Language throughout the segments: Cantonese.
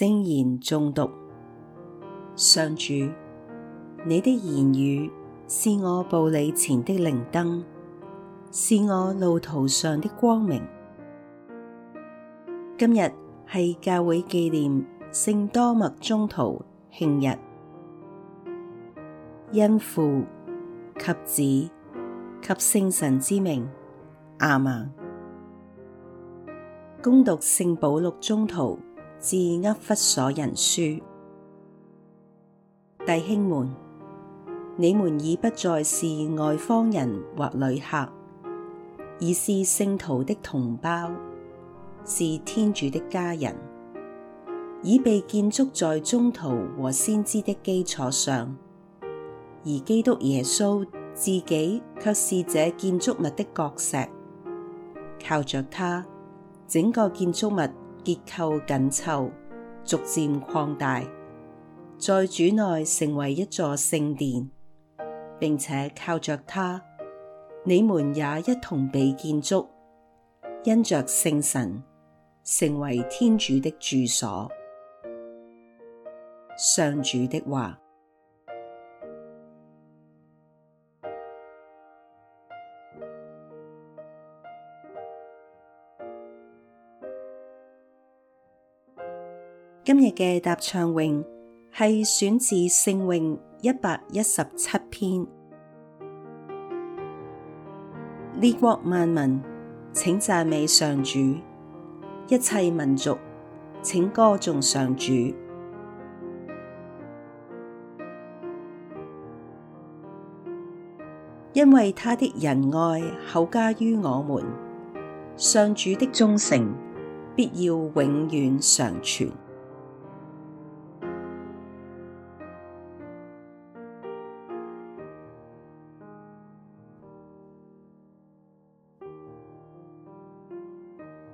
聖言誦讀。上主，你的言語是我步履前的靈燈，是我路途上的光明。今日係教會紀念聖多默宗徒慶日，因父及子及聖神之名，阿們，恭讀聖保祿宗徒。自厄弗所人書：弟兄們，你們已不再是外方人或旅客，而是聖徒的同胞，是天主的家人，已被建築在宗徒和先知的基礎上，而基督耶穌自己卻是這建築物的角石，靠着他，整個建築物，結構緊湊，逐漸擴大，在主內成為一座聖殿，並且靠着他，你們也一同被建築，因着聖神成為天主的住所。上主的話。今日嘅答唱詠係選自聖詠一百一十七篇。列國萬民，請讚美上主；一切民族，請歌頌上主。因為他的仁愛厚加於我們，上主的忠誠必要永遠常存。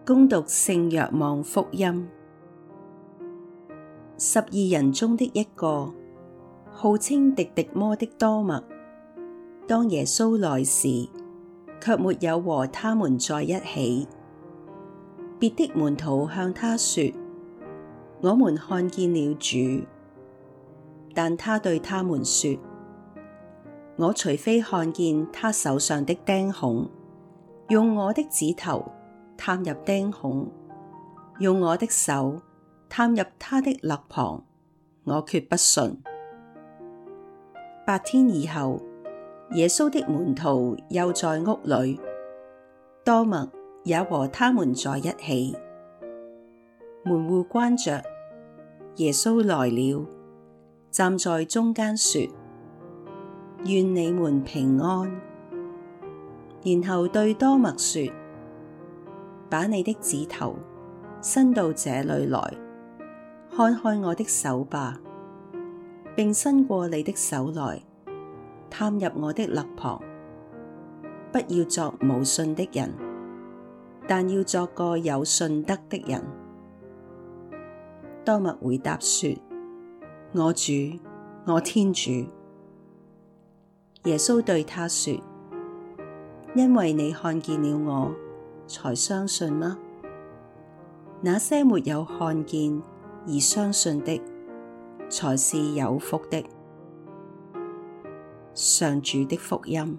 恭讀聖若望福音，十二人中的一個，號稱狄狄摩的多默，當耶穌來時，卻沒有和他們在一起。別的門徒向他說：「我們看見了主。」但他對他們說：「我除非看見他手上的釘孔，用我的指頭。探入釘孔，用我的手探入他的肋旁，我決不信。八天以後，耶穌的門徒又在屋裏，多默也和他們在一起。門戶關着，耶穌來了，站在中間說：願你們平安。然後對多默說。把你的指頭伸到這裏來，看看我的手吧，並伸過你的手來，探入我的肋旁。不要作無信的人，但要做個有信德的人。多默回答說：我主，我天主。耶穌對他說：因為你看見了我。才相信嗎？那些沒有看見而相信的，才是有福的。上主的福音。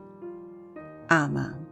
阿瑪。